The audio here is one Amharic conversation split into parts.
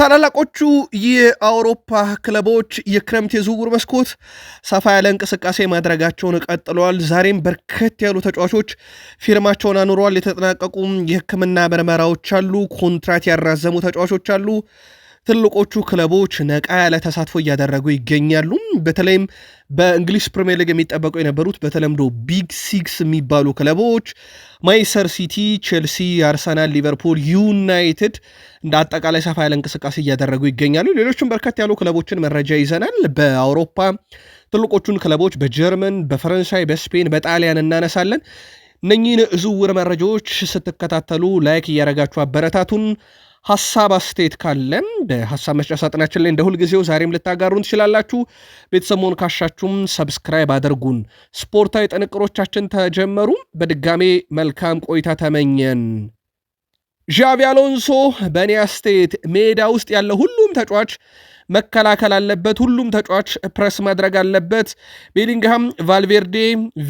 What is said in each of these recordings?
ታላላቆቹ የአውሮፓ ክለቦች የክረምት የዝውውር መስኮት ሰፋ ያለ እንቅስቃሴ ማድረጋቸውን ቀጥለዋል። ዛሬም በርከት ያሉ ተጫዋቾች ፊርማቸውን አኑረዋል። የተጠናቀቁ የሕክምና ምርመራዎች አሉ። ኮንትራት ያራዘሙ ተጫዋቾች አሉ። ትልቆቹ ክለቦች ነቃ ያለ ተሳትፎ እያደረጉ ይገኛሉ። በተለይም በእንግሊዝ ፕሪምየር ሊግ የሚጠበቁ የነበሩት በተለምዶ ቢግ ሲክስ የሚባሉ ክለቦች ማንቸስተር ሲቲ፣ ቼልሲ፣ አርሰናል፣ ሊቨርፑል፣ ዩናይትድ እንደ አጠቃላይ ሰፋ ያለ እንቅስቃሴ እያደረጉ ይገኛሉ። ሌሎችም በርከት ያሉ ክለቦችን መረጃ ይዘናል። በአውሮፓ ትልቆቹን ክለቦች በጀርመን፣ በፈረንሳይ፣ በስፔን፣ በጣሊያን እናነሳለን። እነኚህን ዝውውር መረጃዎች ስትከታተሉ ላይክ እያደረጋችሁ አበረታቱን። ሀሳብ አስተያየት ካለን በሀሳብ መስጫ ሳጥናችን ላይ እንደ ሁልጊዜው ዛሬም ልታጋሩን ትችላላችሁ። ቤተሰሞን ካሻችሁም ሰብስክራይብ አድርጉን። ስፖርታዊ ጥንቅሮቻችን ተጀመሩ። በድጋሜ መልካም ቆይታ ተመኘን። ዣቪ አሎንሶ በእኔ አስተያየት ሜዳ ውስጥ ያለ ሁሉም ተጫዋች መከላከል አለበት። ሁሉም ተጫዋች ፕረስ ማድረግ አለበት። ቤሊንግሃም፣ ቫልቬርዴ፣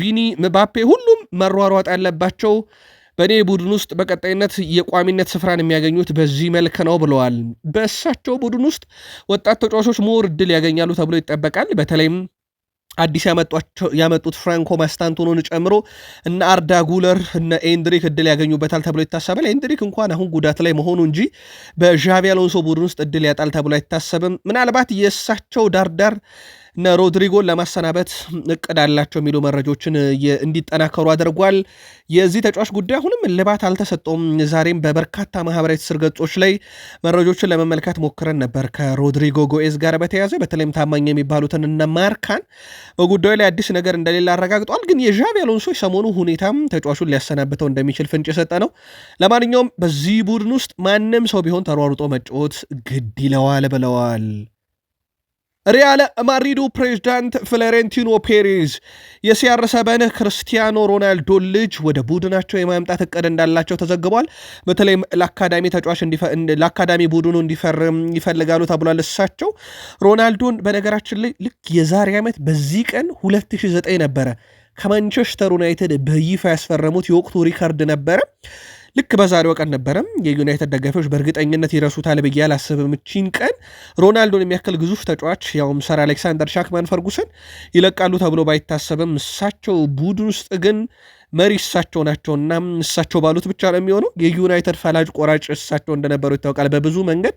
ቪኒ፣ ምባፔ ሁሉም መሯሯጥ ያለባቸው በእኔ ቡድን ውስጥ በቀጣይነት የቋሚነት ስፍራን የሚያገኙት በዚህ መልክ ነው ብለዋል። በእሳቸው ቡድን ውስጥ ወጣት ተጫዋቾች ሞር እድል ያገኛሉ ተብሎ ይጠበቃል። በተለይም አዲስ ያመጡት ፍራንኮ ማስታንቱኖን ጨምሮ እነ አርዳ ጉለር እነ ኤንድሪክ እድል ያገኙበታል ተብሎ ይታሰባል። ኤንድሪክ እንኳን አሁን ጉዳት ላይ መሆኑ እንጂ በዣቪ አሎንሶ ቡድን ውስጥ እድል ያጣል ተብሎ አይታሰብም። ምናልባት የእሳቸው ዳርዳር እነ ሮድሪጎን ለማሰናበት እቅድ አላቸው የሚሉ መረጃዎችን እንዲጠናከሩ አድርጓል። የዚህ ተጫዋች ጉዳይ አሁንም እልባት አልተሰጠውም። ዛሬም በበርካታ ማህበራዊ ትስስር ገጾች ላይ መረጃዎችን ለመመልከት ሞክረን ነበር። ከሮድሪጎ ጎኤዝ ጋር በተያዘ በተለይም ታማኝ የሚባሉትን እነ ማርካን በጉዳዩ ላይ አዲስ ነገር እንደሌለ አረጋግጧል። ግን የዣቪ አሎንሶ ሰሞኑ ሁኔታም ተጫዋቹን ሊያሰናብተው እንደሚችል ፍንጭ የሰጠ ነው። ለማንኛውም በዚህ ቡድን ውስጥ ማንም ሰው ቢሆን ተሯሩጦ መጫወት ግድ ይለዋል ብለዋል። ሪያል ማድሪዱ ፕሬዝዳንት ፍሎሬንቲኖ ፔሬዝ የሲያር ሰበን ክርስቲያኖ ሮናልዶ ልጅ ወደ ቡድናቸው የማምጣት እቅድ እንዳላቸው ተዘግቧል። በተለይም ለአካዳሚ ተጫዋች ለአካዳሚ ቡድኑ እንዲፈርም ይፈልጋሉ ተብሏል። እሳቸው ሮናልዶን በነገራችን ላይ ልክ የዛሬ ዓመት በዚህ ቀን 2009 ነበረ ከማንቸስተር ዩናይትድ በይፋ ያስፈረሙት የወቅቱ ሪካርድ ነበረ። ልክ በዛሬው ቀን ነበረም የዩናይትድ ደጋፊዎች በእርግጠኝነት ይረሱታል ብዬ አላስብም። እቺን ቀን ሮናልዶን የሚያክል ግዙፍ ተጫዋች ያውም ሰር አሌክሳንደር ሻክማን ፈርጉሰን ይለቃሉ ተብሎ ባይታሰብም እሳቸው ቡድን ውስጥ ግን መሪ እሳቸው እና እሳቸው ባሉት ብቻ ነው የሚሆነው። የዩናይትድ ፈላጅ ቆራጭ እሳቸው እንደነበሩ ይታወቃል በብዙ መንገድ።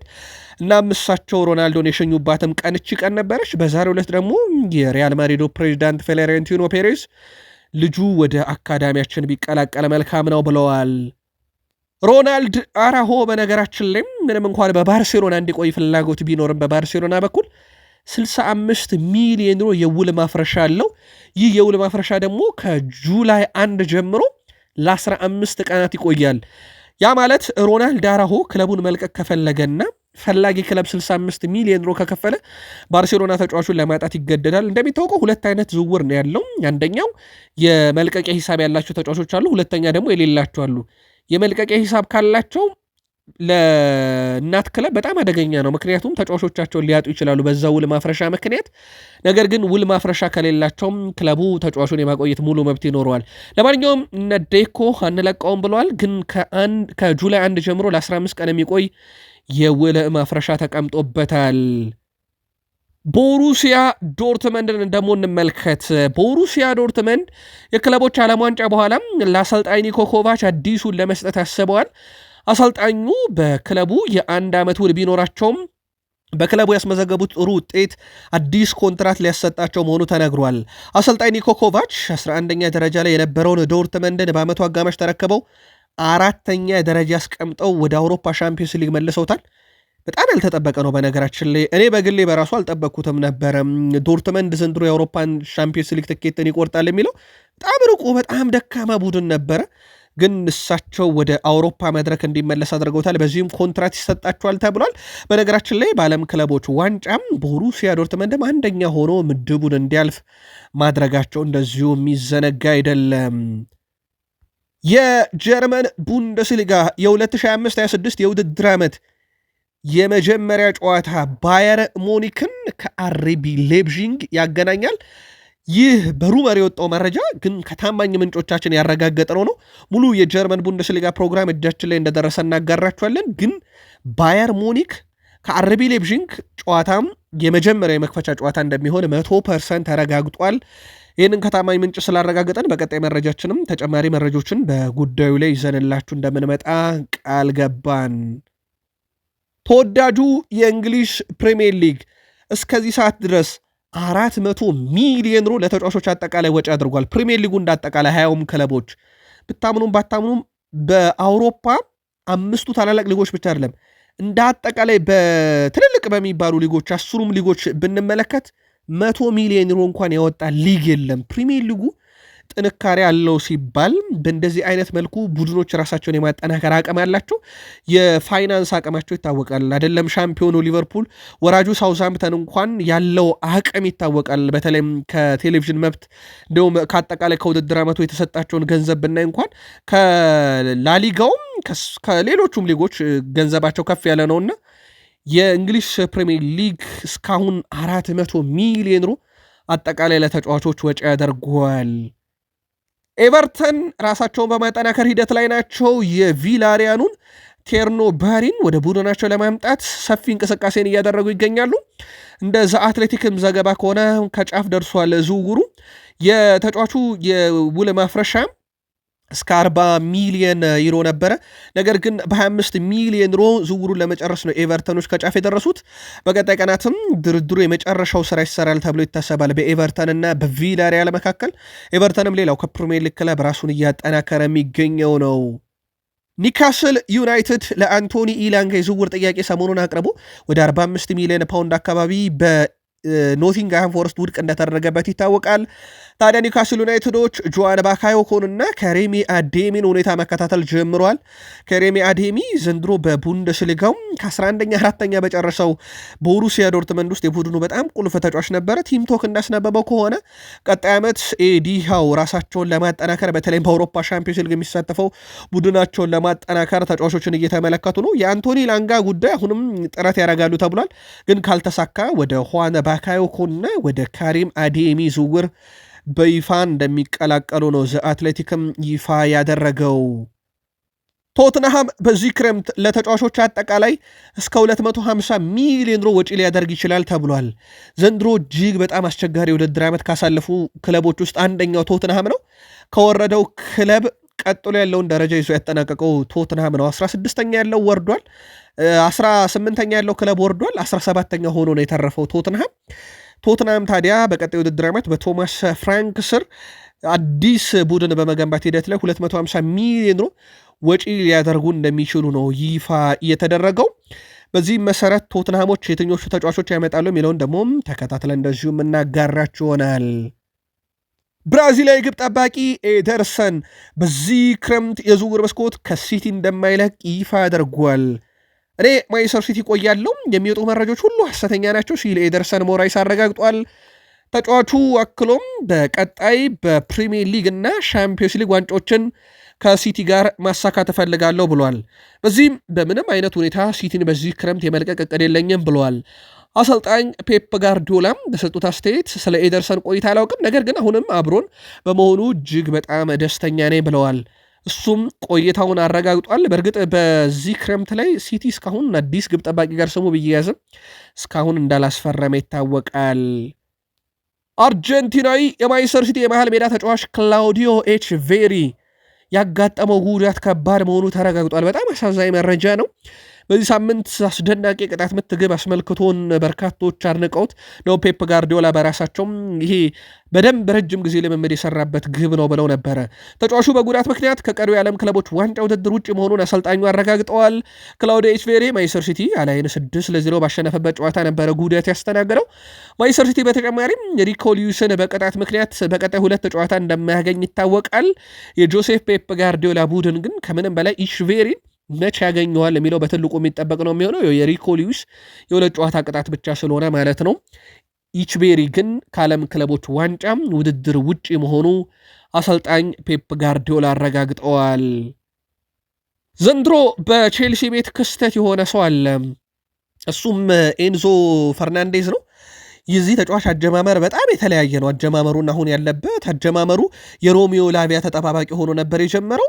እናም እሳቸው ሮናልዶን የሸኙባትም ቀን እቺ ቀን ነበረች። በዛሬው ዕለት ደግሞ የሪያል ማድሪዶ ፕሬዚዳንት ፍሎሬንቲኖ ፔሬዝ ልጁ ወደ አካዳሚያችን ቢቀላቀል መልካም ነው ብለዋል። ሮናልድ አራሆ በነገራችን ላይም ምንም እንኳን በባርሴሎና እንዲቆይ ፍላጎት ቢኖርም በባርሴሎና በኩል 65 ሚሊዮን ዩሮ የውል ማፍረሻ አለው። ይህ የውል ማፍረሻ ደግሞ ከጁላይ አንድ ጀምሮ ለ15 ቀናት ይቆያል። ያ ማለት ሮናልድ አራሆ ክለቡን መልቀቅ ከፈለገና ፈላጊ ክለብ 65 ሚሊዮን ዩሮ ከከፈለ ባርሴሎና ተጫዋቹን ለማጣት ይገደዳል። እንደሚታወቀው ሁለት አይነት ዝውውር ነው ያለው። አንደኛው የመልቀቂያ ሂሳብ ያላቸው ተጫዋቾች አሉ፣ ሁለተኛ ደግሞ የሌላቸው አሉ። የመልቀቂያ ሂሳብ ካላቸው ለእናት ክለብ በጣም አደገኛ ነው። ምክንያቱም ተጫዋቾቻቸውን ሊያጡ ይችላሉ በዛ ውል ማፍረሻ ምክንያት። ነገር ግን ውል ማፍረሻ ከሌላቸውም ክለቡ ተጫዋቹን የማቆየት ሙሉ መብት ይኖረዋል። ለማንኛውም እነ ዴኮ አንለቀውም ብለዋል። ግን ከጁላይ አንድ ጀምሮ ለ15 ቀን የሚቆይ የውል ማፍረሻ ተቀምጦበታል። ቦሩሲያ ዶርትመንድን ደግሞ እንመልከት። ቦሩሲያ ዶርትመንድ የክለቦች ዓለም ዋንጫ በኋላም ለአሰልጣኝ ኒኮኮቫች አዲሱን ለመስጠት አስበዋል። አሰልጣኙ በክለቡ የአንድ ዓመት ውል ቢኖራቸውም በክለቡ ያስመዘገቡት ጥሩ ውጤት አዲስ ኮንትራት ሊያሰጣቸው መሆኑ ተነግሯል። አሰልጣኝ ኒኮ 11ኛ ደረጃ ላይ የነበረውን ዶርትመንድን በዓመቱ አጋማሽ ተረክበው አራተኛ ደረጃ አስቀምጠው ወደ አውሮፓ ሻምፒዮንስ ሊግ መልሰውታል። በጣም ያልተጠበቀ ነው። በነገራችን ላይ እኔ በግሌ በራሱ አልጠበቅኩትም ነበረ። ዶርትመንድ ዘንድሮ የአውሮፓን ሻምፒዮንስ ሊግ ትኬትን ይቆርጣል የሚለው በጣም ርቆ በጣም ደካማ ቡድን ነበረ። ግን እሳቸው ወደ አውሮፓ መድረክ እንዲመለስ አድርገውታል። በዚህም ኮንትራት ይሰጣቸዋል ተብሏል። በነገራችን ላይ በዓለም ክለቦች ዋንጫም ቦሩሲያ ዶርትመንድም አንደኛ ሆኖ ምድቡን እንዲያልፍ ማድረጋቸው እንደዚሁ የሚዘነጋ አይደለም። የጀርመን ቡንደስሊጋ የ2025/26 የውድድር ዓመት የመጀመሪያ ጨዋታ ባየር ሞኒክን ከአሬቢ ሌብዥንግ ያገናኛል። ይህ በሩመር የወጣው መረጃ ግን ከታማኝ ምንጮቻችን ያረጋገጠ ነው። ሙሉ የጀርመን ቡንደስሊጋ ፕሮግራም እጃችን ላይ እንደደረሰ እናጋራችኋለን። ግን ባየር ሙኒክ ከአረቢ ሌብዥንግ ጨዋታም የመጀመሪያ የመክፈቻ ጨዋታ እንደሚሆን መቶ ፐርሰንት ተረጋግጧል። ይህንን ከታማኝ ምንጭ ስላረጋገጠን በቀጣይ መረጃችንም ተጨማሪ መረጃዎችን በጉዳዩ ላይ ይዘንላችሁ እንደምንመጣ ቃል ገባን። ተወዳጁ የእንግሊሽ ፕሪሚየር ሊግ እስከዚህ ሰዓት ድረስ አራት መቶ ሚሊዮን ሮ ለተጫዋቾች አጠቃላይ ወጪ አድርጓል። ፕሪምየር ሊጉ እንዳጠቃላይ ሀያውም ክለቦች ብታምኑም ባታምኑም በአውሮፓ አምስቱ ታላላቅ ሊጎች ብቻ አይደለም እንደ አጠቃላይ በትልልቅ በሚባሉ ሊጎች አስሩም ሊጎች ብንመለከት መቶ ሚሊዮን ሮ እንኳን ያወጣ ሊግ የለም። ፕሪሚየር ሊጉ ጥንካሬ አለው ሲባል በእንደዚህ አይነት መልኩ ቡድኖች ራሳቸውን የማጠናከር አቅም ያላቸው የፋይናንስ አቅማቸው ይታወቃል። አይደለም ሻምፒዮኑ ሊቨርፑል፣ ወራጁ ሳውዛምተን እንኳን ያለው አቅም ይታወቃል። በተለይም ከቴሌቪዥን መብት እንዲሁም ከአጠቃላይ ከውድድር ዓመቱ የተሰጣቸውን ገንዘብ ብናይ እንኳን ከላሊጋውም ከሌሎቹም ሊጎች ገንዘባቸው ከፍ ያለ ነውና የእንግሊዝ ፕሪሚየር ሊግ እስካሁን አራት መቶ ሚሊዮን ሮ አጠቃላይ ለተጫዋቾች ወጪ ያደርጓል። ኤቨርተን ራሳቸውን በማጠናከር ሂደት ላይ ናቸው። የቪላሪያኑን ቴርኖ ባሪን ወደ ቡድናቸው ለማምጣት ሰፊ እንቅስቃሴን እያደረጉ ይገኛሉ። እንደ ዘ አትሌቲክም ዘገባ ከሆነ ከጫፍ ደርሷል ዝውውሩ የተጫዋቹ የውል ማፍረሻም እስከ 40 ሚሊየን ዩሮ ነበረ። ነገር ግን በ25 ሚሊየን ዩሮ ዝውውሩን ለመጨረስ ነው ኤቨርተኖች ከጫፍ የደረሱት። በቀጣይ ቀናትም ድርድሩ የመጨረሻው ስራ ይሰራል ተብሎ ይታሰባል በኤቨርተንና በቪላሪያል መካከል። ኤቨርተንም ሌላው ከፕሪሚየር ሊግ ክለብ ራሱን እያጠናከረ የሚገኘው ነው። ኒካስል ዩናይትድ ለአንቶኒ ኢላንጋ የዝውውር ጥያቄ ሰሞኑን አቅርቦ ወደ 45 ሚሊዮን ፓውንድ አካባቢ በ ፎረስት ውድቅ እንደተደረገበት ይታወቃል። ታዲያ ኒውካስል ዩናይትዶች ጆዋን ባካዮኮንና ከሬሚ አዴሚን ሁኔታ መከታተል ጀምሯል። ከሬሚ አዴሚ ዘንድሮ በቡንደስሊጋው ከ11ኛ አራተኛ በጨረሰው ቦሩሲያ ዶርትመንድ ውስጥ የቡድኑ በጣም ቁልፍ ተጫዋች ነበረ። ቲምቶክ እንዳስነበበው ከሆነ ቀጣይ ዓመት ኤዲሃው ራሳቸውን ለማጠናከር በተለይም በአውሮፓ ሻምፒዮንስ ሊግ የሚሳተፈው ቡድናቸውን ለማጠናከር ተጫዋቾችን እየተመለከቱ ነው። የአንቶኒ ላንጋ ጉዳይ አሁንም ጥረት ያደርጋሉ ተብሏል። ግን ካልተሳካ ወደ ኋነ ባካዮኮንና ወደ ካሪም አዴሚ ዝውውር በይፋ እንደሚቀላቀሉ ነው ዘ አትሌቲክም ይፋ ያደረገው። ቶትንሃም በዚህ ክረምት ለተጫዋቾች አጠቃላይ እስከ 250 ሚሊዮን ዩሮ ወጪ ሊያደርግ ይችላል ተብሏል። ዘንድሮ እጅግ በጣም አስቸጋሪ ውድድር ዓመት ካሳለፉ ክለቦች ውስጥ አንደኛው ቶትንሃም ነው። ከወረደው ክለብ ቀጥሎ ያለውን ደረጃ ይዞ ያጠናቀቀው ቶትንሃም ነው። 16ኛ ያለው ወርዷል። 18ኛ ያለው ክለብ ወርዷል። 17ኛ ሆኖ ነው የተረፈው ቶትንሃም ቶትናም ታዲያ በቀጣይ ውድድር ዓመት በቶማስ ፍራንክ ስር አዲስ ቡድን በመገንባት ሂደት ላይ 250 ሚሊዮን ዩሮ ወጪ ሊያደርጉ እንደሚችሉ ነው ይፋ እየተደረገው። በዚህም መሰረት ቶትናሞች የትኞቹ ተጫዋቾች ያመጣሉ የሚለውን ደግሞም ተከታትለን እንደዚሁ የምናጋራችሁ ይሆናል። ብራዚላዊ ግብ ጠባቂ ኤደርሰን በዚህ ክረምት የዝውውር መስኮት ከሲቲ እንደማይለቅ ይፋ አድርጓል። እኔ ማንቸስተር ሲቲ ቆያለሁ የሚወጡ መረጃዎች ሁሉ ሐሰተኛ ናቸው ሲል ኤደርሰን ሞራይስ አረጋግጧል። ተጫዋቹ አክሎም በቀጣይ በፕሪሚየር ሊግ እና ሻምፒዮንስ ሊግ ዋንጫዎችን ከሲቲ ጋር ማሳካት እፈልጋለሁ ብሏል። በዚህም በምንም አይነት ሁኔታ ሲቲን በዚህ ክረምት የመልቀቅ እቅድ የለኝም ብለዋል። አሰልጣኝ ፔፕ ጋርዲዮላም በሰጡት አስተያየት ስለ ኤደርሰን ቆይታ አላውቅም፣ ነገር ግን አሁንም አብሮን በመሆኑ እጅግ በጣም ደስተኛ ነኝ ብለዋል። እሱም ቆይታውን አረጋግጧል። በእርግጥ በዚህ ክረምት ላይ ሲቲ እስካሁን አዲስ ግብ ጠባቂ ጋር ስሙ ብያያዝም እስካሁን እንዳላስፈረመ ይታወቃል። አርጀንቲናዊ የማይሰር ሲቲ የመሃል ሜዳ ተጫዋች ክላውዲዮ ኤች ቬሪ ያጋጠመው ጉዳት ከባድ መሆኑ ተረጋግጧል። በጣም አሳዛኝ መረጃ ነው። በዚህ ሳምንት አስደናቂ ቅጣት ምት ግብ አስመልክቶን በርካቶች አድንቀውት ነው ፔፕ ጋርዲዮላ በራሳቸውም ይሄ በደንብ ረጅም ጊዜ ልምምድ የሰራበት ግብ ነው ብለው ነበረ። ተጫዋቹ በጉዳት ምክንያት ከቀሪው የዓለም ክለቦች ዋንጫ ውድድር ውጭ መሆኑን አሰልጣኙ አረጋግጠዋል። ክላውዲዮ ኤችቬሬ ማይሰር ሲቲ አላይን ስድስት ለዜሮ ባሸነፈበት ጨዋታ ነበረ ጉዳት ያስተናገደው ማይሰር ሲቲ። በተጨማሪም ሪኮ ሊዩስን በቅጣት ምክንያት በቀጣይ ሁለት ጨዋታ እንደማያገኝ ይታወቃል። የጆሴፍ ፔፕ ጋርዲዮላ ቡድን ግን ከምንም በላይ ኢችቬሬን መች ያገኘዋል የሚለው በትልቁ የሚጠበቅ ነው የሚሆነው የሪኮ ሊዊስ የሁለት ጨዋታ ቅጣት ብቻ ስለሆነ ማለት ነው። ኢችቤሪ ግን ከዓለም ክለቦች ዋንጫ ውድድር ውጪ መሆኑ አሰልጣኝ ፔፕ ጋርዲዮላ አረጋግጠዋል። ዘንድሮ በቼልሲ ቤት ክስተት የሆነ ሰው አለ። እሱም ኤንዞ ፈርናንዴዝ ነው። የዚህ ተጫዋች አጀማመር በጣም የተለያየ ነው። አጀማመሩና አሁን ያለበት አጀማመሩ የሮሚዮ ላቪያ ተጠባባቂ ሆኖ ነበር የጀመረው።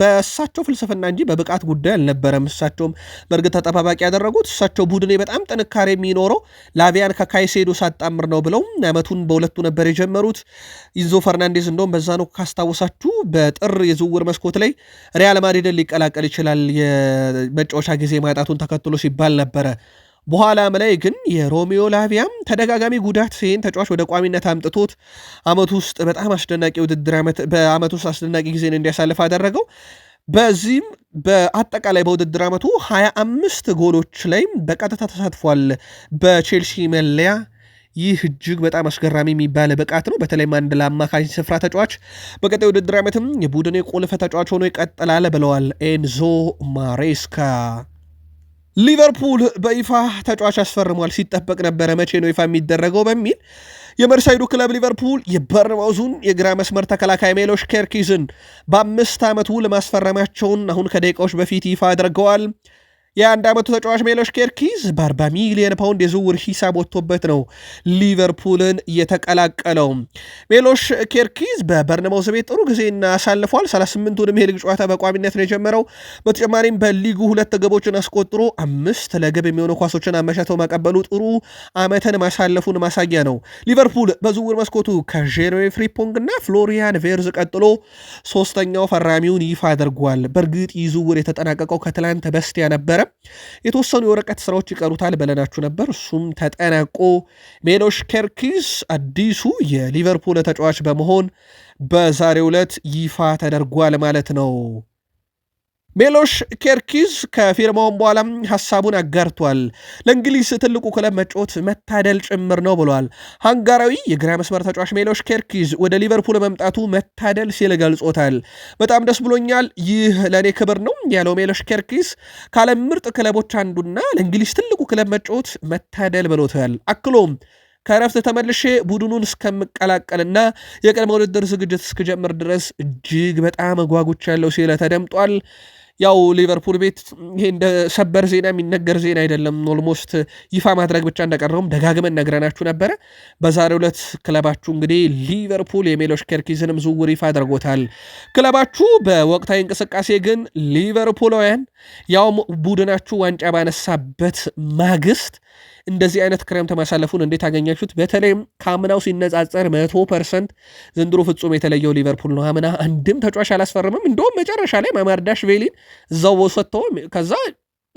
በእሳቸው ፍልስፍና እንጂ በብቃት ጉዳይ አልነበረም። እሳቸውም በእርግጥ ተጠባባቂ ያደረጉት እሳቸው ቡድኔ በጣም ጥንካሬ የሚኖረው ላቪያን ከካይሴዶ ሳጣምር ነው ብለው አመቱን በሁለቱ ነበር የጀመሩት። ኢንዞ ፈርናንዴዝ እንደውም በዛ ነው ካስታወሳችሁ በጥር የዝውውር መስኮት ላይ ሪያል ማድሪድን ሊቀላቀል ይችላል የመጫወቻ ጊዜ ማጣቱን ተከትሎ ሲባል ነበረ በኋላም ላይ ግን የሮሜዮ ላቪያም ተደጋጋሚ ጉዳት ይህን ተጫዋች ወደ ቋሚነት አምጥቶት አመቱ ውስጥ በጣም አስደናቂ ውድድር በአመቱ ውስጥ አስደናቂ ጊዜን እንዲያሳልፍ አደረገው። በዚህም በአጠቃላይ በውድድር አመቱ 25 ጎሎች ላይም በቀጥታ ተሳትፏል በቼልሲ መለያ። ይህ እጅግ በጣም አስገራሚ የሚባል ብቃት ነው። በተለይም አንድ ለአማካኝ ስፍራ ተጫዋች በቀጣይ ውድድር ዓመትም የቡድን የቆልፈ ተጫዋች ሆኖ ይቀጥላል ብለዋል ኤንዞ ማሬስካ። ሊቨርፑል በይፋ ተጫዋች አስፈርሟል። ሲጠበቅ ነበረ መቼ ነው ይፋ የሚደረገው በሚል የመርሳይዱ ክለብ ሊቨርፑል የበርንማውዙን የግራ መስመር ተከላካይ ሜሎሽ ኬርኪዝን በአምስት ዓመቱ ለማስፈረማቸውን አሁን ከደቂቃዎች በፊት ይፋ አድርገዋል። የአንድ ዓመቱ ተጫዋች ሜሎሽ ኬርኪዝ በ40 ሚሊዮን ፓውንድ የዝውውር ሂሳብ ወጥቶበት ነው ሊቨርፑልን የተቀላቀለው። ሜሎሽ ኬርኪዝ በበርንማውዝ ቤት ጥሩ ጊዜና አሳልፏል። 38ቱንም የሊግ ጨዋታ በቋሚነት ነው የጀመረው። በተጨማሪም በሊጉ ሁለት ግቦችን አስቆጥሮ አምስት ለግብ የሚሆኑ ኳሶችን አመቻተው ማቀበሉ ጥሩ ዓመትን ማሳለፉን ማሳያ ነው። ሊቨርፑል በዝውውር መስኮቱ ከጄሬሚ ፍሪፖንግ እና ፍሎሪያን ቬርዝ ቀጥሎ ሶስተኛው ፈራሚውን ይፋ አድርጓል። በእርግጥ ይህ ዝውውር የተጠናቀቀው ከትላንት በስቲያ ነበረ። የተወሰኑ የወረቀት ስራዎች ይቀሩታል በለናችሁ ነበር። እሱም ተጠናቆ ሜኖሽ ኬርኪስ አዲሱ የሊቨርፑል ተጫዋች በመሆን በዛሬው ዕለት ይፋ ተደርጓል ማለት ነው። ሜሎሽ ኬርኪዝ ከፊርማውን በኋላም ሀሳቡን አጋርቷል። ለእንግሊዝ ትልቁ ክለብ መጫወት መታደል ጭምር ነው ብሏል። ሃንጋራዊ የግራ መስመር ተጫዋች ሜሎሽ ኬርኪዝ ወደ ሊቨርፑል መምጣቱ መታደል ሲል ገልጾታል። በጣም ደስ ብሎኛል፣ ይህ ለእኔ ክብር ነው ያለው ሜሎሽ ኬርኪዝ ከዓለም ምርጥ ክለቦች አንዱና ለእንግሊዝ ትልቁ ክለብ መጫወት መታደል ብሎታል። አክሎም ከእረፍት ተመልሼ ቡድኑን እስከምቀላቀልና የቅድመ ውድድር ዝግጅት እስክጀምር ድረስ እጅግ በጣም ጓጉቻለሁ ሲል ተደምጧል። ያው ሊቨርፑል ቤት ይሄ እንደ ሰበር ዜና የሚነገር ዜና አይደለም። ኦልሞስት ይፋ ማድረግ ብቻ እንደቀረውም ደጋግመን ነግረናችሁ ነበረ። በዛሬው ዕለት ክለባችሁ እንግዲህ ሊቨርፑል የሜሎሽ ኬርኪዝንም ዝውውር ይፋ አድርጎታል። ክለባችሁ በወቅታዊ እንቅስቃሴ ግን ሊቨርፑላውያን ያውም ቡድናችሁ ዋንጫ ባነሳበት ማግስት እንደዚህ አይነት ክረምት ማሳለፉን እንዴት አገኛችሁት? በተለይም ከአምናው ሲነጻጸር መቶ ፐርሰንት ዘንድሮ ፍጹም የተለየው ሊቨርፑል ነው። አምና አንድም ተጫዋች አላስፈርምም። እንደውም መጨረሻ ላይ ቬሊን እዛው ሰጥቶ ከዛ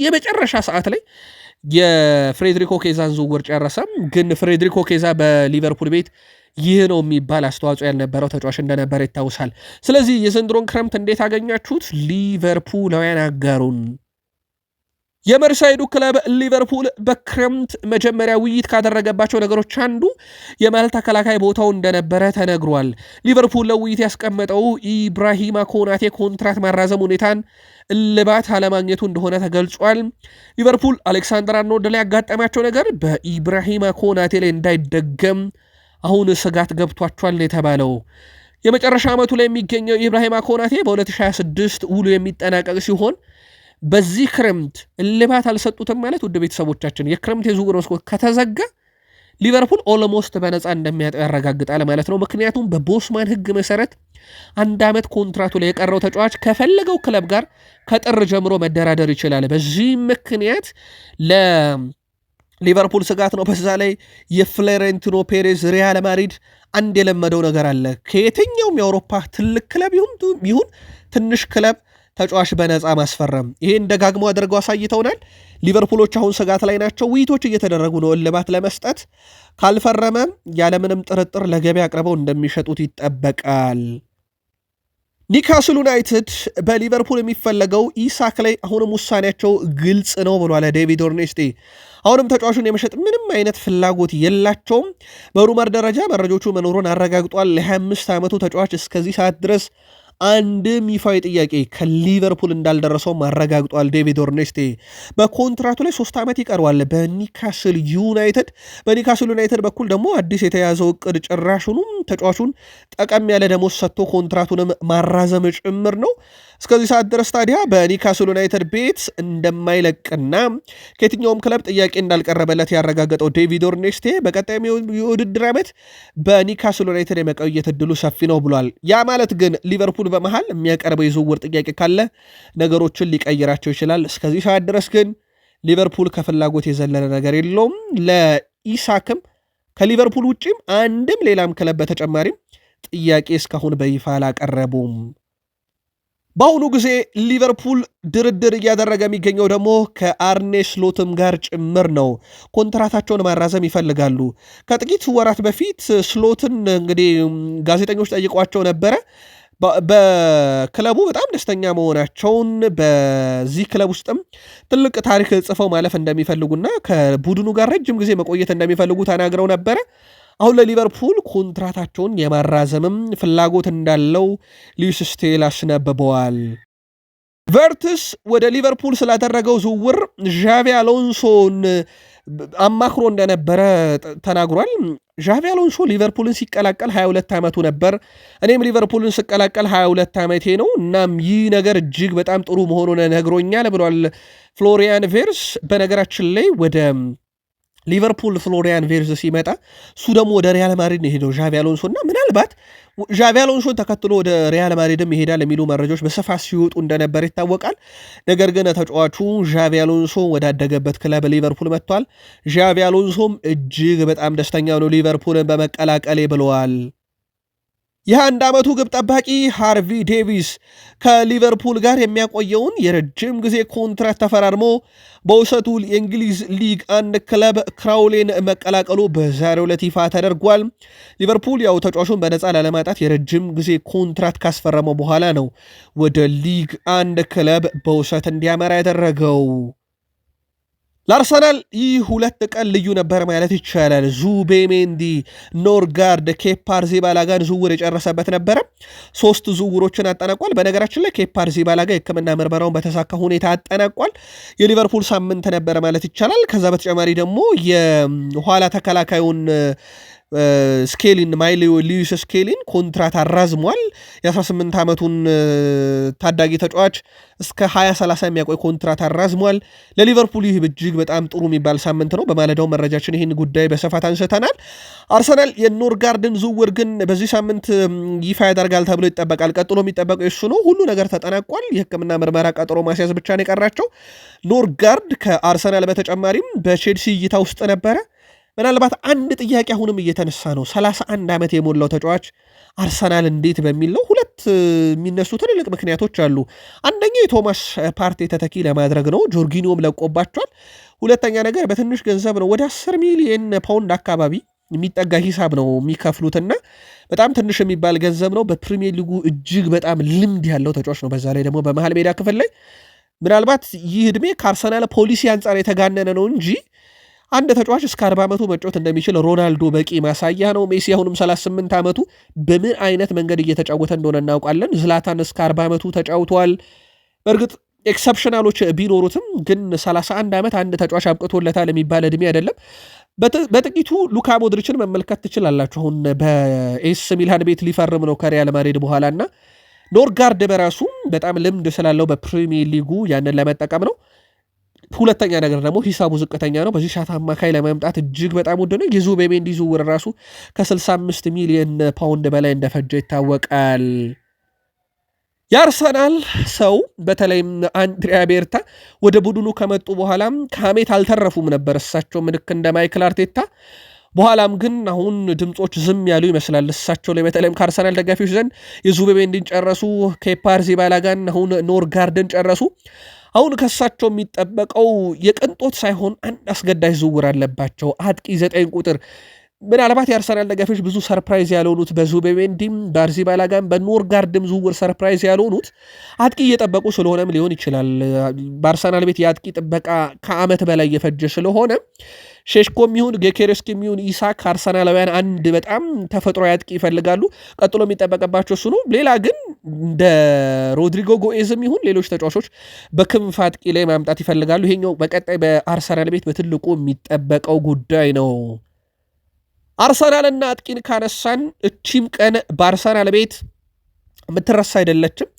የመጨረሻ ሰዓት ላይ የፍሬድሪኮ ኬዛን ዝውውር ጨረሰም። ግን ፍሬድሪኮ ኬዛ በሊቨርፑል ቤት ይህ ነው የሚባል አስተዋጽኦ ያልነበረው ተጫዋች እንደነበረ ይታወሳል። ስለዚህ የዘንድሮን ክረምት እንዴት አገኛችሁት? ሊቨርፑላውያን አጋሩን የመርሳይዱ ክለብ ሊቨርፑል በክረምት መጀመሪያ ውይይት ካደረገባቸው ነገሮች አንዱ የመሃል ተከላካይ ቦታው እንደነበረ ተነግሯል። ሊቨርፑል ለውይይት ያስቀመጠው ኢብራሂማ ኮናቴ ኮንትራት ማራዘም ሁኔታን እልባት አለማግኘቱ እንደሆነ ተገልጿል። ሊቨርፑል አሌክሳንደር አርኖልድ ላይ ያጋጠማቸው ነገር በኢብራሂማ ኮናቴ ላይ እንዳይደገም አሁን ስጋት ገብቷቸዋል ነው የተባለው። የመጨረሻ ዓመቱ ላይ የሚገኘው ኢብራሂማ ኮናቴ በ2026 ውሉ የሚጠናቀቅ ሲሆን በዚህ ክረምት እልባት አልሰጡትም ማለት ውድ ቤተሰቦቻችን የክረምት የዝውውር መስኮት ከተዘጋ ሊቨርፑል ኦሎሞስት በነፃ እንደሚያጣው ያረጋግጣል ማለት ነው። ምክንያቱም በቦስማን ሕግ መሰረት አንድ ዓመት ኮንትራቱ ላይ የቀረው ተጫዋች ከፈለገው ክለብ ጋር ከጥር ጀምሮ መደራደር ይችላል። በዚህ ምክንያት ለሊቨርፑል ስጋት ነው። በዛ ላይ የፍሎሬንቲኖ ፔሬዝ ሪያል ማድሪድ አንድ የለመደው ነገር አለ። ከየትኛውም የአውሮፓ ትልቅ ክለብ ይሁን ትንሽ ክለብ ተጫዋች በነፃ ማስፈረም እንደ ደጋግሞ አድርገው አሳይተውናል። ሊቨርፑሎች አሁን ስጋት ላይ ናቸው። ውይይቶች እየተደረጉ ነው እልባት ለመስጠት ካልፈረመ ያለምንም ጥርጥር ለገበያ አቅርበው እንደሚሸጡት ይጠበቃል። ኒካስል ዩናይትድ በሊቨርፑል የሚፈለገው ኢሳክ ላይ አሁንም ውሳኔያቸው ግልጽ ነው ብሏል ዴቪድ ኦርኔስቴ። አሁንም ተጫዋቹን የመሸጥ ምንም አይነት ፍላጎት የላቸውም። በሩመር ደረጃ መረጆቹ መኖሩን አረጋግጧል። ለ25 ዓመቱ ተጫዋች እስከዚህ ሰዓት ድረስ አንድም ይፋዊ ጥያቄ ከሊቨርፑል እንዳልደረሰው አረጋግጧል። ዴቪድ ኦርኔስቴ በኮንትራቱ ላይ ሶስት ዓመት ይቀርዋል በኒካስል ዩናይትድ በኒካስል ዩናይትድ በኩል ደግሞ አዲስ የተያዘው እቅድ ጭራሹንም ተጫዋቹን ጠቀም ያለ ደሞዝ ሰጥቶ ኮንትራቱንም ማራዘም ጭምር ነው። እስከዚህ ሰዓት ድረስ ታዲያ በኒካስል ዩናይትድ ቤት እንደማይለቅና ከየትኛውም ክለብ ጥያቄ እንዳልቀረበለት ያረጋገጠው ዴቪድ ኦርኔስቴ በቀጣይ የውድድር ዓመት በኒካስል ዩናይትድ የመቆየት እድሉ ሰፊ ነው ብሏል። ያ ማለት ግን ሊቨርፑል በመሃል የሚያቀርበው የዝውውር ጥያቄ ካለ ነገሮችን ሊቀይራቸው ይችላል። እስከዚህ ሰዓት ድረስ ግን ሊቨርፑል ከፍላጎት የዘለለ ነገር የለውም ለኢሳክም ከሊቨርፑል ውጭም አንድም ሌላም ክለብ በተጨማሪም ጥያቄ እስካሁን በይፋ አላቀረቡም። በአሁኑ ጊዜ ሊቨርፑል ድርድር እያደረገ የሚገኘው ደግሞ ከአርኔ ስሎትም ጋር ጭምር ነው። ኮንትራታቸውን ማራዘም ይፈልጋሉ። ከጥቂት ወራት በፊት ስሎትን እንግዲህ ጋዜጠኞች ጠይቋቸው ነበረ። በክለቡ በጣም ደስተኛ መሆናቸውን በዚህ ክለብ ውስጥም ትልቅ ታሪክ ጽፈው ማለፍ እንደሚፈልጉና ከቡድኑ ጋር ረጅም ጊዜ መቆየት እንደሚፈልጉ ተናግረው ነበረ። አሁን ለሊቨርፑል ኮንትራታቸውን የማራዘምም ፍላጎት እንዳለው ሊዩስ ስቴል አስነብበዋል። ቨርትስ ወደ ሊቨርፑል ስላደረገው ዝውውር ዣቪ አሎንሶን አማክሮ እንደነበረ ተናግሯል። ዣቪ አሎንሶ ሊቨርፑልን ሲቀላቀል 22 ዓመቱ ነበር። እኔም ሊቨርፑልን ስቀላቀል 22 ዓመቴ ነው። እናም ይህ ነገር እጅግ በጣም ጥሩ መሆኑን ነግሮኛል ብሏል ፍሎሪያን ቬርስ። በነገራችን ላይ ወደ ሊቨርፑል ፍሎሪያን ቬርዝ ሲመጣ እሱ ደግሞ ወደ ሪያል ማድሪድ ነው የሄደው ዣቪ አሎንሶ እና ምናልባት ዣቪ አሎንሶን ተከትሎ ወደ ሪያል ማድሪድም ይሄዳል የሚሉ መረጃዎች በስፋት ሲወጡ እንደነበር ይታወቃል። ነገር ግን ተጫዋቹ ዣቪ አሎንሶ ወዳደገበት ክለብ ሊቨርፑል መጥቷል። ዣቪ አሎንሶም እጅግ በጣም ደስተኛ ነው ሊቨርፑልን በመቀላቀሌ ብለዋል። የአንድ ዓመቱ ግብ ጠባቂ ሃርቪ ዴቪስ ከሊቨርፑል ጋር የሚያቆየውን የረጅም ጊዜ ኮንትራት ተፈራርሞ በውሰቱ የእንግሊዝ ሊግ አንድ ክለብ ክራውሌን መቀላቀሉ በዛሬው ዕለት ይፋ ተደርጓል። ሊቨርፑል ያው ተጫዋቹን በነፃ ላለማጣት የረጅም ጊዜ ኮንትራት ካስፈረመው በኋላ ነው ወደ ሊግ አንድ ክለብ በውሰት እንዲያመራ ያደረገው። ለአርሰናል ይህ ሁለት ቀን ልዩ ነበር ማለት ይቻላል። ዙቤሜንዲ፣ ኖርጋርድ፣ ኬፓ አሪዛባላጋን ዝውውር የጨረሰበት ነበረ። ሶስት ዝውውሮችን አጠናቋል። በነገራችን ላይ ኬፓ አሪዛባላጋ የሕክምና ምርመራውን በተሳካ ሁኔታ አጠናቋል። የሊቨርፑል ሳምንት ነበረ ማለት ይቻላል። ከዛ በተጨማሪ ደግሞ የኋላ ተከላካዩን ስኬሊን ማይ ሊዊስ ስኬሊን ኮንትራት አራዝሟል። የ18 ዓመቱን ታዳጊ ተጫዋች እስከ 2030 የሚያቆይ ኮንትራት አራዝሟል። ለሊቨርፑል ይህ እጅግ በጣም ጥሩ የሚባል ሳምንት ነው። በማለዳው መረጃችን ይህን ጉዳይ በስፋት አንስተናል። አርሰናል የኖርጋርድን ዝውውር ግን በዚህ ሳምንት ይፋ ያደርጋል ተብሎ ይጠበቃል። ቀጥሎ የሚጠበቀው እሱ ነው። ሁሉ ነገር ተጠናቋል። የሕክምና ምርመራ ቀጠሮ ማስያዝ ብቻ ነው የቀራቸው። ኖርጋርድ ከአርሰናል በተጨማሪም በቼልሲ እይታ ውስጥ ነበረ። ምናልባት አንድ ጥያቄ አሁንም እየተነሳ ነው። 31 ዓመት የሞላው ተጫዋች አርሰናል እንዴት በሚል ነው። ሁለት የሚነሱ ትልልቅ ምክንያቶች አሉ። አንደኛው የቶማስ ፓርቴ ተተኪ ለማድረግ ነው። ጆርጊኒዮም ለቆባቸዋል። ሁለተኛ ነገር በትንሽ ገንዘብ ነው። ወደ 10 ሚሊየን ፓውንድ አካባቢ የሚጠጋ ሂሳብ ነው የሚከፍሉትና በጣም ትንሽ የሚባል ገንዘብ ነው። በፕሪሚየር ሊጉ እጅግ በጣም ልምድ ያለው ተጫዋች ነው። በዛ ላይ ደግሞ በመሀል ሜዳ ክፍል ላይ ምናልባት ይህ ዕድሜ ከአርሰናል ፖሊሲ አንጻር የተጋነነ ነው እንጂ አንድ ተጫዋች እስከ 40 ዓመቱ መጫወት እንደሚችል ሮናልዶ በቂ ማሳያ ነው። ሜሲ አሁንም 38 ዓመቱ በምን አይነት መንገድ እየተጫወተ እንደሆነ እናውቃለን። ዝላታን እስከ 40 ዓመቱ ተጫውተዋል። በእርግጥ ኤክሰፕሽናሎች ቢኖሩትም ግን 31 ዓመት አንድ ተጫዋች አብቅቶለታል የሚባል እድሜ አይደለም። በጥቂቱ ሉካ ሞድሪችን መመልከት ትችላላችሁ። አሁን በኤስ ሚልሃን ቤት ሊፈርም ነው ከሪያል ማድሪድ በኋላ እና ኖርጋርድ በራሱ በጣም ልምድ ስላለው በፕሪሚየር ሊጉ ያንን ለመጠቀም ነው ሁለተኛ ነገር ደግሞ ሂሳቡ ዝቅተኛ ነው። በዚህ ሻት አማካይ ለመምጣት እጅግ በጣም ውድ ነው። የዙቢሜንዲ ዝውውር ራሱ ከ65 ሚሊዮን ፓውንድ በላይ እንደፈጀ ይታወቃል። የአርሰናል ሰው በተለይም አንድሪያ ቤርታ ወደ ቡድኑ ከመጡ በኋላም ከሐሜት አልተረፉም ነበር። እሳቸው ምልክ እንደ ማይክል አርቴታ በኋላም ግን አሁን ድምፆች ዝም ያሉ ይመስላል። እሳቸው ላይ በተለይም ከአርሰናል ደጋፊዎች ዘንድ የዙቤሜንዲን ጨረሱ፣ ኬፓ አሪዛባላጋን አሁን ኖርጋርድን ጨረሱ። አሁን ከእሳቸው የሚጠበቀው የቅንጦት ሳይሆን አንድ አስገዳጅ ዝውውር አለባቸው። አጥቂ ዘጠኝ ቁጥር ምናልባት የአርሰናል ደጋፊዎች ብዙ ሰርፕራይዝ ያልሆኑት በዙቤሜንዲም በአርዚባላጋም በኖርጋርድም ዝውውር ሰርፕራይዝ ያልሆኑት አጥቂ እየጠበቁ ስለሆነም ሊሆን ይችላል። በአርሰናል ቤት የአጥቂ ጥበቃ ከዓመት በላይ እየፈጀ ስለሆነ ሼሽኮም ይሁን ጌኬሬስኪም ይሁን ኢሳክ አርሰናላውያን አንድ በጣም ተፈጥሮ ያጥቂ ይፈልጋሉ። ቀጥሎ የሚጠበቅባቸው እሱ ነው። ሌላ ግን እንደ ሮድሪጎ ጎኤዝም ይሁን ሌሎች ተጫዋቾች በክንፍ አጥቂ ላይ ማምጣት ይፈልጋሉ። ይሄኛው በቀጣይ በአርሰናል ቤት በትልቁ የሚጠበቀው ጉዳይ ነው። አርሰናልና አጥቂን ካነሳን እቺም ቀን በአርሰናል ቤት የምትረሳ አይደለችም።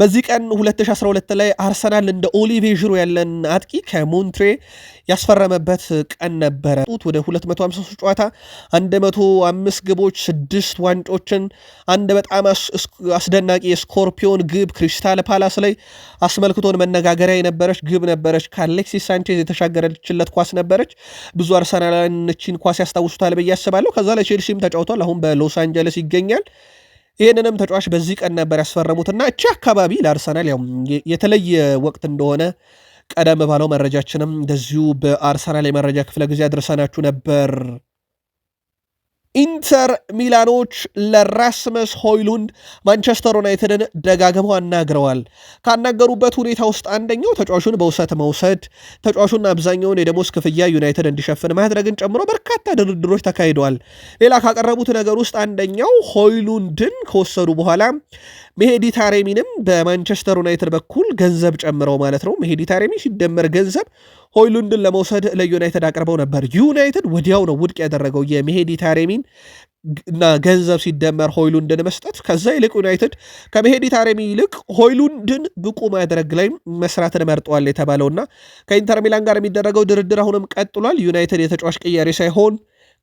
በዚህ ቀን 2012 ላይ አርሰናል እንደ ኦሊቬ ዥሮ ያለን አጥቂ ከሞንትሬ ያስፈረመበት ቀን ነበረ። ወደ 253 ጨዋታ 105 ግቦች፣ 6 ዋንጮችን፣ አንድ በጣም አስደናቂ የስኮርፒዮን ግብ ክሪስታል ፓላስ ላይ አስመልክቶን መነጋገሪያ የነበረች ግብ ነበረች። ከአሌክሲስ ሳንቼዝ የተሻገረችለት ኳስ ነበረች። ብዙ አርሰናላውያን ይህችን ኳስ ያስታውሱታል ብዬ አስባለሁ። ከዛ ለቼልሲም ተጫውቷል። አሁን በሎስ አንጀለስ ይገኛል። ይህንንም ተጫዋች በዚህ ቀን ነበር ያስፈረሙትና እቺ አካባቢ ለአርሰናል ያው የተለየ ወቅት እንደሆነ ቀደም ባለው መረጃችንም እንደዚሁ በአርሰናል የመረጃ ክፍለ ጊዜ አድርሰናችሁ ነበር። ኢንተር ሚላኖች ለራስመስ ሆይሉንድ ማንቸስተር ዩናይትድን ደጋግመው አናግረዋል። ካናገሩበት ሁኔታ ውስጥ አንደኛው ተጫዋቹን በውሰት መውሰድ፣ ተጫዋቹን አብዛኛውን የደሞዝ ክፍያ ዩናይትድ እንዲሸፍን ማድረግን ጨምሮ በርካታ ድርድሮች ተካሂደዋል። ሌላ ካቀረቡት ነገር ውስጥ አንደኛው ሆይሉንድን ከወሰዱ በኋላ መሄዲ ታሬሚንም በማንቸስተር ዩናይትድ በኩል ገንዘብ ጨምረው ማለት ነው። መሄዲ ታሬሚ ሲደመር ገንዘብ ሆይሉንድን ለመውሰድ ለዩናይትድ አቅርበው ነበር። ዩናይትድ ወዲያው ነው ውድቅ ያደረገው የመሄዲ ታሬሚን እና ገንዘብ ሲደመር ሆይሉንድን መስጠት። ከዛ ይልቅ ዩናይትድ ከመሄዲ ታሬሚ ይልቅ ሆይሉንድን ብቁ ማድረግ ላይ መስራትን መርጠዋል የተባለውና ከኢንተር ሚላን ጋር የሚደረገው ድርድር አሁንም ቀጥሏል። ዩናይትድ የተጫዋች ቅያሬ ሳይሆን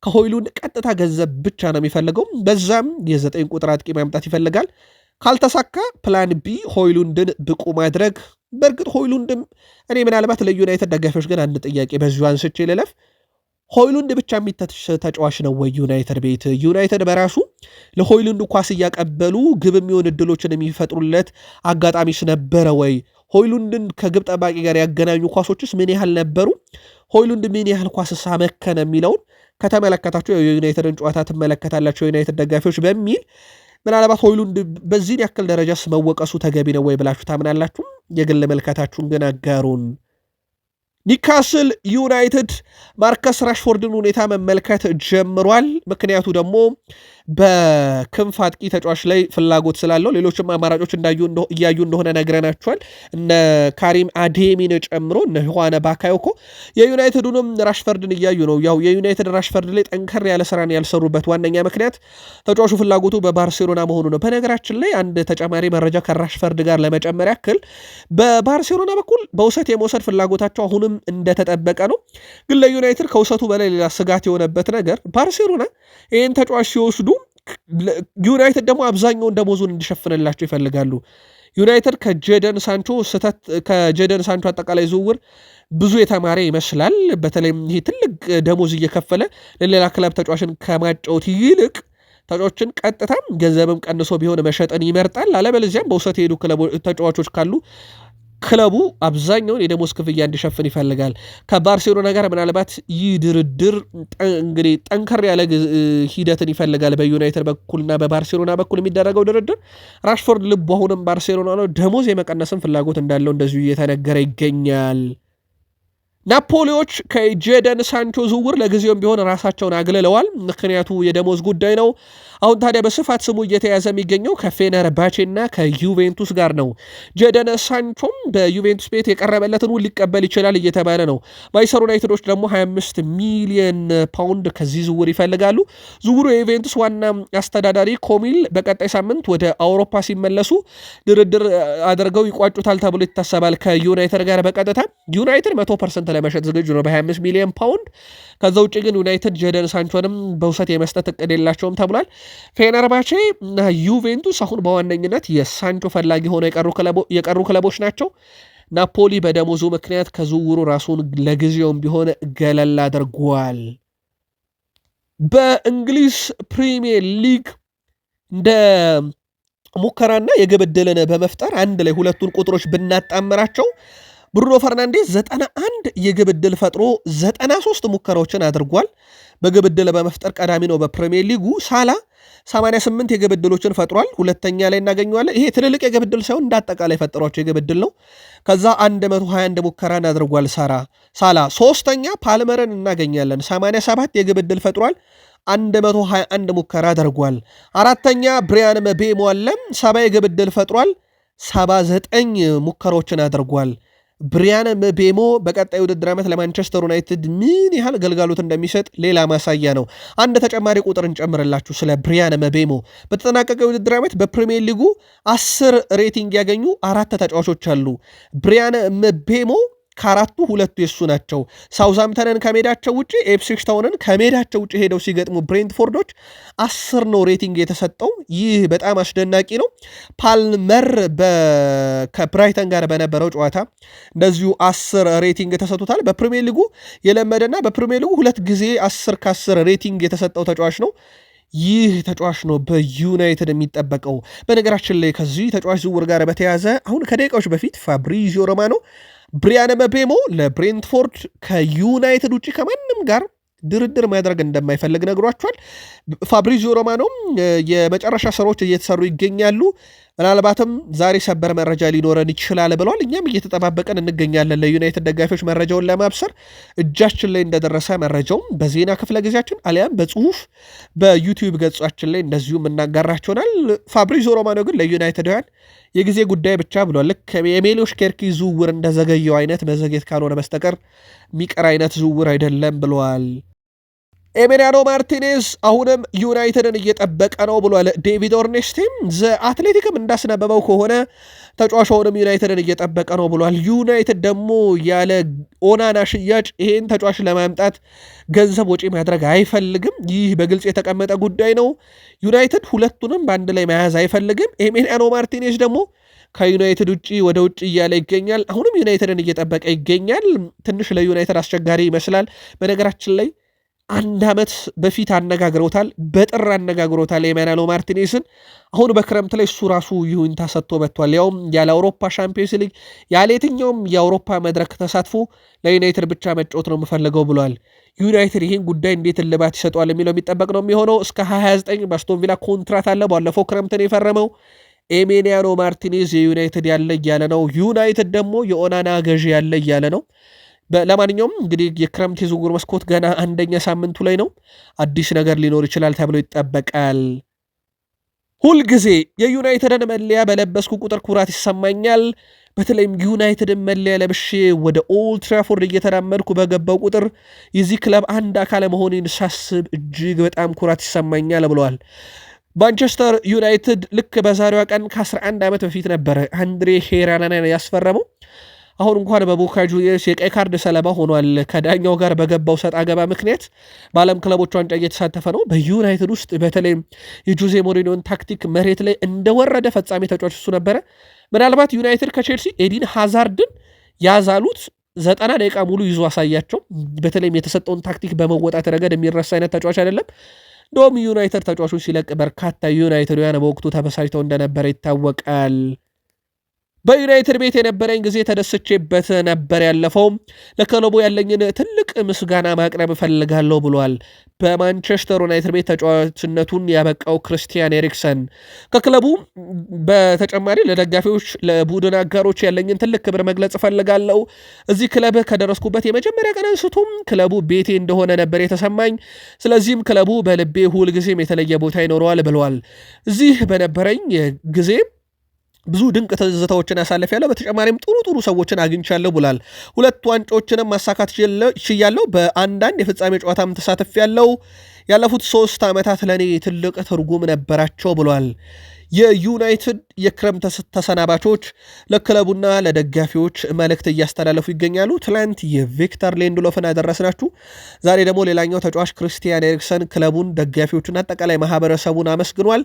ከሆይሉንድ ቀጥታ ገንዘብ ብቻ ነው የሚፈልገው። በዛም የዘጠኝ ቁጥር አጥቂ ማምጣት ይፈልጋል። ካልተሳካ ፕላን ቢ ሆይሉንድን ብቁ ማድረግ። በእርግጥ ሆይሉንድም እኔ ምናልባት ለዩናይትድ ደጋፊዎች ግን አንድ ጥያቄ በዚሁ አንስቼ ልለፍ። ሆይሉንድ ብቻ የሚተሽ ተጫዋች ነው ወይ ዩናይትድ ቤት? ዩናይትድ በራሱ ለሆይሉንድ ኳስ እያቀበሉ ግብ የሚሆን እድሎችን የሚፈጥሩለት አጋጣሚስ ነበረ ወይ? ሆይሉንድን ከግብ ጠባቂ ጋር ያገናኙ ኳሶችስ ምን ያህል ነበሩ? ሆይሉንድ ምን ያህል ኳስ ሳመከነ የሚለውን ከተመለከታችሁ የዩናይትድን ጨዋታ ትመለከታላቸው የዩናይትድ ደጋፊዎች በሚል ምናልባት ሆይሉንድ በዚህን ያክል ደረጃስ መወቀሱ ተገቢ ነው ወይ ብላችሁ ታምናላችሁ? የግል መልካታችሁን ግን አጋሩን። ኒካስል ዩናይትድ ማርከስ ራሽፎርድን ሁኔታ መመልከት ጀምሯል። ምክንያቱ ደግሞ በክንፍ አጥቂ ተጫዋች ላይ ፍላጎት ስላለው ሌሎችም አማራጮች እያዩ እንደሆነ ነግረናቸዋል። እነ ካሪም አዴሚን ጨምሮ እነ ህዋነ ባካዮኮ የዩናይትዱንም ራሽፈርድን እያዩ ነው። ያው የዩናይትድ ራሽፈርድ ላይ ጠንከር ያለ ስራን ያልሰሩበት ዋነኛ ምክንያት ተጫዋቹ ፍላጎቱ በባርሴሎና መሆኑ ነው። በነገራችን ላይ አንድ ተጨማሪ መረጃ ከራሽፈርድ ጋር ለመጨመር ያክል በባርሴሎና በኩል በውሰት የመውሰድ ፍላጎታቸው አሁንም አሁንም እንደተጠበቀ ነው። ግን ለዩናይትድ ከውሰቱ በላይ ሌላ ስጋት የሆነበት ነገር ባርሴሎና ይህን ተጫዋች ሲወስዱ ዩናይትድ ደግሞ አብዛኛውን ደሞዙን እንዲሸፍንላቸው ይፈልጋሉ። ዩናይትድ ከጀደን ሳንቾ ስህተት ከጀደን ሳንቾ አጠቃላይ ዝውውር ብዙ የተማረ ይመስላል። በተለይም ይህ ትልቅ ደሞዝ እየከፈለ ለሌላ ክለብ ተጫዋችን ከማጫወት ይልቅ ተጫዋችን ቀጥታም ገንዘብም ቀንሶ ቢሆን መሸጥን ይመርጣል። አለበለዚያም በውሰት የሄዱ ተጫዋቾች ካሉ ክለቡ አብዛኛውን የደሞዝ ክፍያ እንዲሸፍን ይፈልጋል። ከባርሴሎና ጋር ምናልባት ይህ ድርድር እንግዲህ ጠንከር ያለ ሂደትን ይፈልጋል። በዩናይትድ በኩልና በባርሴሎና በኩል የሚደረገው ድርድር ራሽፎርድ ልቡ አሁንም ባርሴሎና ነው። ደሞዝ የመቀነስን ፍላጎት እንዳለው እንደዚሁ እየተነገረ ይገኛል። ናፖሊዎች ከጄደን ሳንቾ ዝውውር ለጊዜውም ቢሆን ራሳቸውን አግልለዋል። ምክንያቱ የደሞዝ ጉዳይ ነው። አሁን ታዲያ በስፋት ስሙ እየተያዘ የሚገኘው ከፌነር ባቼና ከዩቬንቱስ ጋር ነው። ጄደን ሳንቾም በዩቬንቱስ ቤት የቀረበለትን ውል ሊቀበል ይችላል እየተባለ ነው። ማንቸስተር ዩናይትዶች ደግሞ 25 ሚሊየን ፓውንድ ከዚህ ዝውውር ይፈልጋሉ። ዝውሩ የዩቬንቱስ ዋና አስተዳዳሪ ኮሚል በቀጣይ ሳምንት ወደ አውሮፓ ሲመለሱ ድርድር አድርገው ይቋጩታል ተብሎ ይታሰባል ከዩናይትድ ጋር በቀጥታ ዩናይትድ መቶ ፐርሰንት ለመሸጥ ዝግጁ ነው በ25 ሚሊዮን ፓውንድ። ከዛ ውጭ ግን ዩናይትድ ጀደን ሳንቾንም በውሰት የመስጠት እቅድ የላቸውም ተብሏል። ፌነርባቼ እና ዩቬንቱስ አሁን በዋነኝነት የሳንቾ ፈላጊ ሆነው የቀሩ ክለቦች ናቸው። ናፖሊ በደሞዙ ምክንያት ከዝውውሩ ራሱን ለጊዜውም ቢሆን ገለል አድርጓል። በእንግሊዝ ፕሪሚየር ሊግ እንደ ሙከራና የግብ ዕድልን በመፍጠር አንድ ላይ ሁለቱን ቁጥሮች ብናጣምራቸው ብሩኖ ፈርናንዴዝ 91 የግብ ዕድል ፈጥሮ 93 ሙከራዎችን አድርጓል። በግብ ዕድል በመፍጠር ቀዳሚ ነው በፕሪሚየር ሊጉ። ሳላ 88 የግብ ዕድሎችን ፈጥሯል፣ ሁለተኛ ላይ እናገኘዋለን። ይሄ ትልልቅ የግብ ዕድል ሳይሆን እንደ አጠቃላይ ፈጠሯቸው የግብ ዕድል ነው። ከዛ 121 ሙከራን አድርጓል ሳራ ሳላ። ሶስተኛ ፓልመርን እናገኛለን፣ 87 የግብ ዕድል ፈጥሯል 121 ሙከራ አድርጓል። አራተኛ ብሪያን መቤ ሟለም ሰባ የግብ ዕድል ፈጥሯል 79 ሙከራዎችን አድርጓል። ብሪያን ምቤሞ በቀጣይ ውድድር ዓመት ለማንቸስተር ዩናይትድ ምን ያህል ገልጋሎት እንደሚሰጥ ሌላ ማሳያ ነው። አንድ ተጨማሪ ቁጥር ጨምርላችሁ ስለ ብሪያን ምቤሞ በተጠናቀቀ ውድድር ዓመት በፕሪሚየር ሊጉ አስር ሬቲንግ ያገኙ አራት ተጫዋቾች አሉ። ብሪያን ምቤሞ ከአራቱ ሁለቱ የሱ ናቸው። ሳውዛምተንን ከሜዳቸው ውጭ ኤፕስዊች ታውንን ከሜዳቸው ውጭ ሄደው ሲገጥሙ ብሬንትፎርዶች አስር ነው ሬቲንግ የተሰጠው። ይህ በጣም አስደናቂ ነው። ፓልመር ከብራይተን ጋር በነበረው ጨዋታ እንደዚሁ አስር ሬቲንግ ተሰጥቶታል። በፕሪሚየር ሊጉ የለመደና በፕሪሚየር ሊጉ ሁለት ጊዜ አስር ከአስር ሬቲንግ የተሰጠው ተጫዋች ነው። ይህ ተጫዋች ነው በዩናይትድ የሚጠበቀው። በነገራችን ላይ ከዚህ ተጫዋች ዝውውር ጋር በተያያዘ አሁን ከደቂቃዎች በፊት ፋብሪዚዮ ሮማኖ ብሪያን መቤሞ ለብሬንትፎርድ ከዩናይትድ ውጭ ከማንም ጋር ድርድር ማድረግ እንደማይፈልግ ነግሯቸዋል። ፋብሪዚዮ ሮማኖም የመጨረሻ ስራዎች እየተሰሩ ይገኛሉ። ምናልባትም ዛሬ ሰበር መረጃ ሊኖረን ይችላል ብለዋል። እኛም እየተጠባበቀን እንገኛለን። ለዩናይትድ ደጋፊዎች መረጃውን ለማብሰር እጃችን ላይ እንደደረሰ መረጃውም በዜና ክፍለ ጊዜያችን አሊያም በጽሁፍ በዩቲዩብ ገጻችን ላይ እንደዚሁ የምናጋራችሆናል። ፋብሪዞ ሮማኖ ግን ለዩናይትዳውያን የጊዜ ጉዳይ ብቻ ብሏል። ልክ የሜሎሽ ኬርኪ ዝውውር እንደዘገየው አይነት መዘግየት ካልሆነ በስተቀር የሚቀር አይነት ዝውውር አይደለም ብለዋል። ኤሜሊያኖ ማርቲኔዝ አሁንም ዩናይትድን እየጠበቀ ነው ብሏል ዴቪድ ኦርኔስቲም። ዘ አትሌቲክም እንዳስነበበው ከሆነ ተጫዋቹ አሁንም ዩናይትድን እየጠበቀ ነው ብሏል። ዩናይትድ ደግሞ ያለ ኦናና ሽያጭ ይሄን ተጫዋች ለማምጣት ገንዘብ ወጪ ማድረግ አይፈልግም። ይህ በግልጽ የተቀመጠ ጉዳይ ነው። ዩናይትድ ሁለቱንም በአንድ ላይ መያዝ አይፈልግም። ኤሜሊያኖ ማርቲኔዝ ደግሞ ከዩናይትድ ውጭ ወደ ውጭ እያለ ይገኛል። አሁንም ዩናይትድን እየጠበቀ ይገኛል። ትንሽ ለዩናይትድ አስቸጋሪ ይመስላል በነገራችን ላይ አንድ ዓመት በፊት አነጋግረውታል፣ በጥር አነጋግረውታል የማኑኤል ማርቲኔስን። አሁን በክረምት ላይ እሱ ራሱ ይሁንታ ሰጥቶ መጥቷል። ያውም ያለ አውሮፓ ሻምፒዮንስ ሊግ ያለ የትኛውም የአውሮፓ መድረክ ተሳትፎ ለዩናይትድ ብቻ መጫወት ነው የምፈልገው ብሏል። ዩናይትድ ይህን ጉዳይ እንዴት እልባት ይሰጧል የሚለው የሚጠበቅ ነው የሚሆነው። እስከ 29 በአስቶን ቪላ ኮንትራት አለ። ባለፈው ክረምትን የፈረመው ኤሜንያኖ ማርቲኔዝ የዩናይትድ ያለ እያለ ነው። ዩናይትድ ደግሞ የኦናና ገዢ ያለ እያለ ነው። ለማንኛውም እንግዲህ የክረምት የዝውውር መስኮት ገና አንደኛ ሳምንቱ ላይ ነው። አዲስ ነገር ሊኖር ይችላል ተብሎ ይጠበቃል። ሁልጊዜ የዩናይትድን መለያ በለበስኩ ቁጥር ኩራት ይሰማኛል። በተለይም ዩናይትድን መለያ ለብሼ ወደ ኦልትራፎርድ እየተራመድኩ በገባው ቁጥር የዚህ ክለብ አንድ አካል መሆኔን ሳስብ እጅግ በጣም ኩራት ይሰማኛል ብለዋል። ማንቸስተር ዩናይትድ ልክ በዛሬዋ ቀን ከ11 ዓመት በፊት ነበረ አንድሬ ሄራናን ያስፈረመው። አሁን እንኳን በቦካ ጁኒየርስ የቀይ ካርድ ሰለባ ሆኗል። ከዳኛው ጋር በገባው ሰጥ አገባ ምክንያት በዓለም ክለቦች ዋንጫ እየተሳተፈ ነው። በዩናይትድ ውስጥ በተለይም የጁዜ ሞሪኒዮን ታክቲክ መሬት ላይ እንደወረደ ፈጻሚ ተጫዋች እሱ ነበረ። ምናልባት ዩናይትድ ከቼልሲ ኤዲን ሃዛርድን ያዛሉት ዘጠና ደቂቃ ሙሉ ይዞ አሳያቸው። በተለይም የተሰጠውን ታክቲክ በመወጣት ረገድ የሚረሳ አይነት ተጫዋች አይደለም። እንደውም ዩናይትድ ተጫዋቾች ሲለቅ በርካታ ዩናይትድውያን በወቅቱ ተበሳጭተው እንደነበረ ይታወቃል። በዩናይትድ ቤት የነበረኝ ጊዜ ተደስቼበት ነበር። ያለፈውም ለክለቡ ያለኝን ትልቅ ምስጋና ማቅረብ እፈልጋለሁ ብሏል። በማንቸስተር ዩናይትድ ቤት ተጫዋችነቱን ያበቃው ክርስቲያን ኤሪክሰን ከክለቡ በተጨማሪ ለደጋፊዎች፣ ለቡድን አጋሮች ያለኝን ትልቅ ክብር መግለጽ እፈልጋለሁ። እዚህ ክለብ ከደረስኩበት የመጀመሪያ ቀን አንስቶም ክለቡ ቤቴ እንደሆነ ነበር የተሰማኝ። ስለዚህም ክለቡ በልቤ ሁልጊዜም የተለየ ቦታ ይኖረዋል ብለዋል። እዚህ በነበረኝ ጊዜ ብዙ ድንቅ ትዝታዎችን ያለው በተጨማሪም ጥሩ ጥሩ ሰዎችን አግኝቻለሁ ብሏል። ሁለት ዋንጫዎችንም ማሳካት ችያለሁ። በአንዳንድ የፍጻሜ ጨዋታም ያለው ያለፉት ሶስት ዓመታት ለእኔ ትልቅ ትርጉም ነበራቸው ብሏል። የዩናይትድ የክረምት ተሰናባቾች ለክለቡና ለደጋፊዎች መልእክት እያስተላለፉ ይገኛሉ። ትላንት የቪክተር ሌንድሎፍን አደረስናችሁ። ዛሬ ደግሞ ሌላኛው ተጫዋች ክርስቲያን ኤሪክሰን ክለቡን፣ ደጋፊዎቹን፣ አጠቃላይ ማህበረሰቡን አመስግኗል።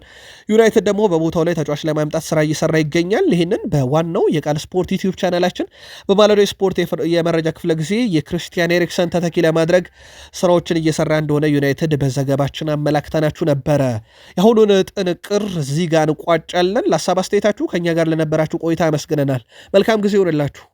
ዩናይትድ ደግሞ በቦታው ላይ ተጫዋች ለማምጣት ስራ እየሰራ ይገኛል። ይህንን በዋናው የቃል ስፖርት ዩቲዩብ ቻናላችን በማለዶ ስፖርት የመረጃ ክፍለ ጊዜ የክርስቲያን ኤሪክሰን ተተኪ ለማድረግ ስራዎችን እየሰራ እንደሆነ ዩናይትድ በዘገባችን አመላክተናችሁ ነበረ። የአሁኑን ጥንቅር እዚህ ጋር እንቋጫለን። ለሀሳብ አስተያየታችሁ ከእኛ ጋር ለነበራችሁ ቆይታ አመስግነናል መልካም ጊዜ ይሆንላችሁ።